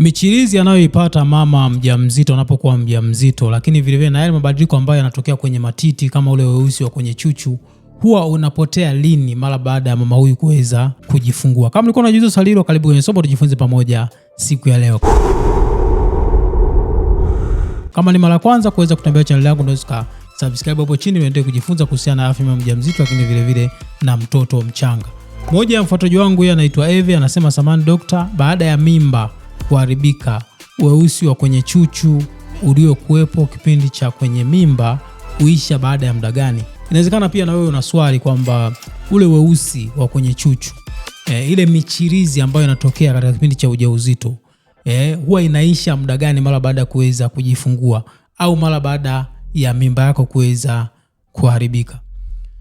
michirizi anayoipata mama mjamzito anapokuwa mjamzito, lakini vilevile na yale mabadiliko ambayo yanatokea kwenye matiti kama ule weusi wa kwenye chuchu huwa unapotea lini mara baada ya mama huyu kuweza kujifungua? Kama ulikuwa unajua swali hilo, karibu kwenye somo tujifunze pamoja siku ya leo. Kama ni mara kwanza kuweza kutembea chaneli yangu, unaweza subscribe hapo chini uendelee kujifunza kuhusiana na afya ya mjamzito, lakini vile vile na mtoto mchanga. Moja ya mfuataji wangu yeye anaitwa Eve anasema, samani dokta, baada ya mimba kuharibika, weusi wa kwenye chuchu uliokuwepo kipindi cha kwenye mimba huisha baada ya muda gani? Inawezekana pia na wewe una swali kwamba ule weusi wa kwenye chuchu e, ile michirizi ambayo inatokea katika kipindi cha ujauzito e, huwa inaisha muda gani mara baada ya kuweza kujifungua au mara baada ya mimba yako kuweza kuharibika?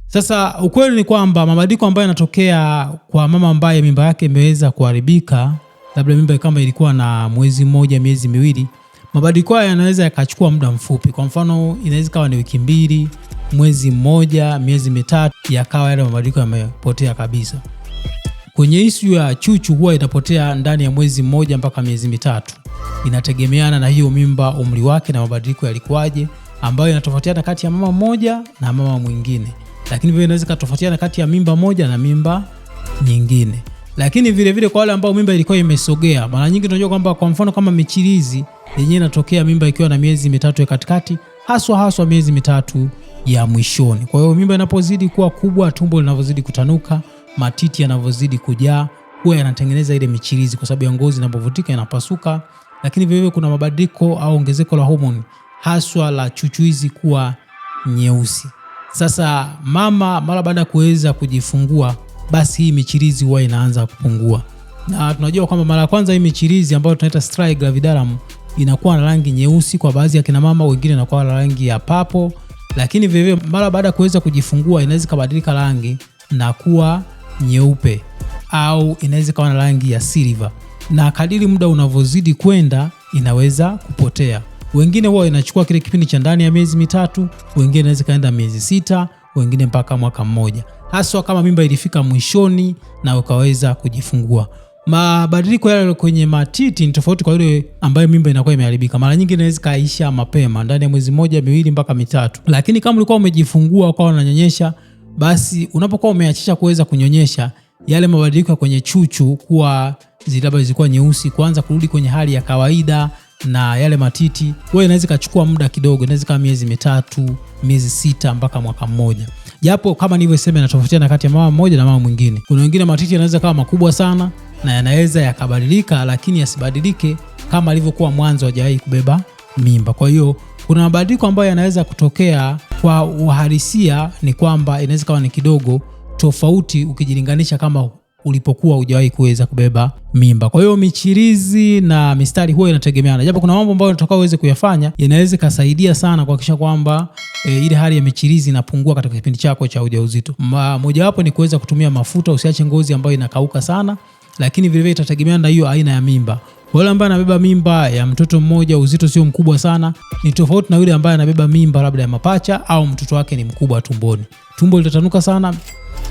Sasa ukweli ni kwamba mabadiliko ambayo yanatokea kwa mama ambaye mimba yake imeweza kuharibika labda mimba kama ilikuwa na mwezi mmoja, miezi miwili, mabadiliko haya yanaweza yakachukua muda mfupi. Kwa mfano, inaweza kawa ni wiki mbili, mwezi mmoja, miezi mitatu, yakawa yale mabadiliko yamepotea kabisa. Kwenye isu ya chuchu huwa inapotea ndani ya mwezi mmoja mpaka miezi mitatu, inategemeana na hiyo mimba, umri wake na mabadiliko yalikuwaje, ambayo inatofautiana kati ya mama mmoja na mama mwingine, lakini pia inaweza ikatofautiana kati ya mimba moja na mimba nyingine. Lakini vile vile kwa wale ambao mimba ilikuwa imesogea, mara nyingi tunajua kwamba kwa mfano kama michirizi yenyewe inatokea mimba ikiwa na miezi mitatu ya katikati, haswa haswa miezi mitatu ya mwishoni. Kwa hiyo mimba inapozidi kuwa kubwa, tumbo linavyozidi kutanuka, matiti yanavyozidi kujaa, huwa yanatengeneza ile michirizi, kwa sababu ya ngozi inapovutika inapasuka. Lakini vile vile kuna mabadiliko au ongezeko la homoni, haswa la chuchuizi kuwa nyeusi. Sasa mama mara baada ya kuweza kujifungua basi hii michirizi huwa inaanza kupungua. Na tunajua kwamba mara ya kwanza hii michirizi ambayo tunaita striae gravidarum inakuwa na rangi nyeusi kwa baadhi ya kina mama, wengine inakuwa na rangi ya papo, lakini vivyo mara baada ya kuweza kujifungua inaweza kubadilika rangi na kuwa nyeupe au inaweza kuwa na rangi ya silver, na kadiri muda unavyozidi kwenda inaweza kupotea. Wengine huwa inachukua kile kipindi cha ndani ya miezi mitatu, wengine inaweza kaenda miezi sita, wengine mpaka mwaka mmoja haswa kama mimba ilifika mwishoni na ukaweza kujifungua. Mabadiliko yale kwenye matiti ni tofauti kwa yule ambayo mimba inakuwa imeharibika. Mara nyingi inaweza kaisha mapema ndani ya mwezi mmoja miwili mpaka mitatu, lakini kama ulikuwa umejifungua ukawa unanyonyesha, basi unapokuwa umeachisha kuweza kunyonyesha, yale mabadiliko kwenye chuchu kuwa zilaba zilikuwa nyeusi, kuanza kurudi kwenye hali ya kawaida na yale matiti, wewe inaweza ikachukua muda kidogo, inaweza kama miezi mitatu, miezi sita mpaka mwaka mmoja japo kama nilivyosema inatofautiana kati ya mama mmoja na mama mwingine. Kuna wengine matiti yanaweza kawa makubwa sana na yanaweza yakabadilika, lakini yasibadilike kama alivyokuwa mwanzo, hajawahi kubeba mimba. Kwa hiyo kuna mabadiliko ambayo yanaweza kutokea. Kwa uhalisia ni kwamba inaweza kawa ni kidogo tofauti ukijilinganisha kama ulipokuwa hujawahi kuweza kubeba mimba. Kwa hiyo michirizi na mistari huwa inategemeana, japo kuna mambo ambayo unatakiwa uweze kuyafanya, yanaweza ikasaidia sana kuhakikisha kwamba e, ile hali ya michirizi inapungua katika kipindi chako cha ujauzito. Mojawapo ni kuweza kutumia mafuta, usiache ngozi ambayo inakauka sana, lakini vilevile itategemeana na hiyo aina ya mimba. Kwa yule ambaye anabeba mimba ya mtoto mmoja, uzito sio mkubwa sana, ni tofauti na yule ambaye anabeba mimba labda ya mapacha au mtoto wake ni mkubwa tumboni, tumbo litatanuka sana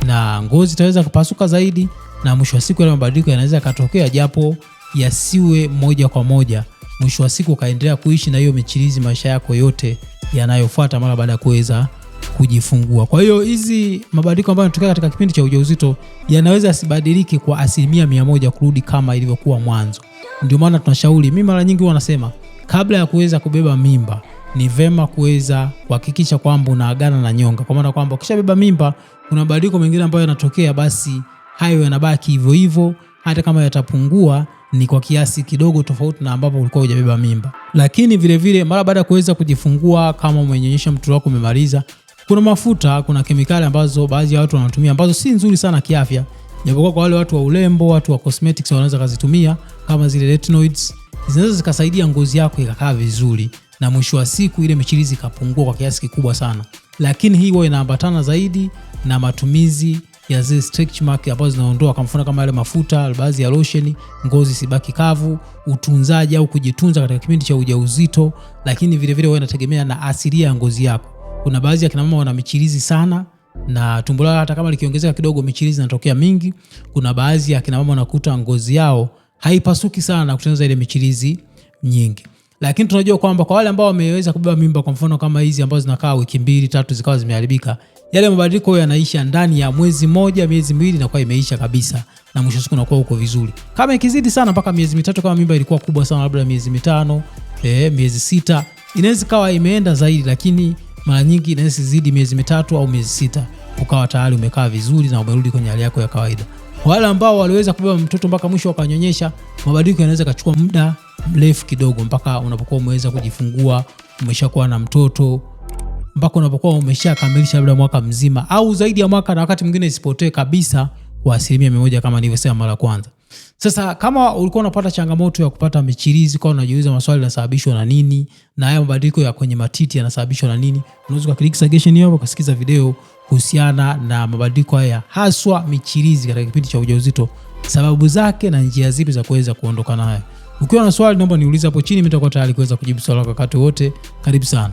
na ngozi itaweza kupasuka zaidi, na mwisho wa siku yale mabadiliko yanaweza yakatokea, japo yasiwe moja kwa moja. Mwisho wa siku ukaendelea kuishi na hiyo michirizi maisha yako yote yanayofuata mara baada ya kuweza kujifungua. Kwa hiyo hizi mabadiliko ambayo yanatokea katika kipindi cha ujauzito yanaweza yasibadilike kwa asilimia mia moja kurudi kama ilivyokuwa mwanzo. Ndio maana tunashauri, mimi mara nyingi huwa nasema kabla ya kuweza kubeba mimba ni vema kuweza kuhakikisha kwamba unaagana na nyonga, kwa maana kwamba ukishabeba mimba kuna mabadiliko mengine ambayo yanatokea, basi hayo yanabaki hivyo hivyo, hata kama yatapungua ni kwa kiasi kidogo tofauti na ambapo ulikuwa hujabeba mimba. Lakini vilevile mara baada ya kuweza kujifungua, kama umenyonyesha mtoto wako umemaliza, kuna mafuta, kuna kemikali ambazo baadhi ya watu wanatumia ambazo si nzuri sana kiafya, japokuwa kwa wale watu wa urembo, watu wa cosmetics wanaweza kazitumia kama zile retinoids, zinaweza zikasaidia ngozi yako ikakaa vizuri na mwisho wa siku ile michirizi ikapungua kwa kiasi kikubwa sana, lakini hii huwa inaambatana zaidi na matumizi ya zile stretch mark ambazo zinaondoa, kwa mfano kama yale mafuta, baadhi ya lotion, ngozi sibaki kavu, utunzaji au kujitunza katika kipindi cha ujauzito. Lakini vile vile wewe inategemea na asilia ya ngozi yako. Kuna baadhi ya kina mama wana michirizi sana na tumbo lao hata kama likiongezeka kidogo, michirizi inatokea mingi. Kuna baadhi ya kina mama wanakuta ngozi yao haipasuki sana na kutengeneza ile michirizi nyingi lakini tunajua kwamba kwa wale ambao wameweza kubeba mimba, kwa mfano kama hizi ambazo zinakaa wiki mbili tatu zikawa zimeharibika, yale mabadiliko yanaisha ndani ya mwezi moja, miezi miwili, na imeisha kabisa, na mwisho siku unakuwa uko vizuri. Kama ikizidi sana mpaka miezi mitatu, kama mimba ilikuwa kubwa sana, labda miezi mitano, eh, miezi sita, inaweza ikawa imeenda zaidi, lakini mara nyingi inaweza zidi miezi mitatu au miezi sita, ukawa tayari umekaa vizuri na umerudi kwenye hali yako ya kawaida. Wale ambao waliweza kubeba mtoto mpaka mwisho wakanyonyesha, mabadiliko yanaweza kachukua muda mrefu kidogo, mpaka unapokuwa umeweza kujifungua, umeshakuwa na mtoto mpaka unapokuwa umeshakamilisha labda mwaka mzima au zaidi ya mwaka, na wakati mwingine isipotee kabisa kwa asilimia mia moja kama nilivyosema mara kwanza. Sasa kama ulikuwa unapata changamoto ya kupata michirizi, kwa unajiuliza maswali yanasababishwa na nini, na haya mabadiliko ya kwenye matiti yanasababishwa na nini, unaweza kuklik suggestion hapo ukasikiza video kuhusiana na mabadiliko haya, haswa michirizi katika kipindi cha ujauzito, sababu zake na njia zipi za kuweza kuondokana nayo. Ukiwa na swali, naomba niulize hapo chini, mimi nitakuwa tayari kuweza kujibu swali lako wakati wote. Karibu sana.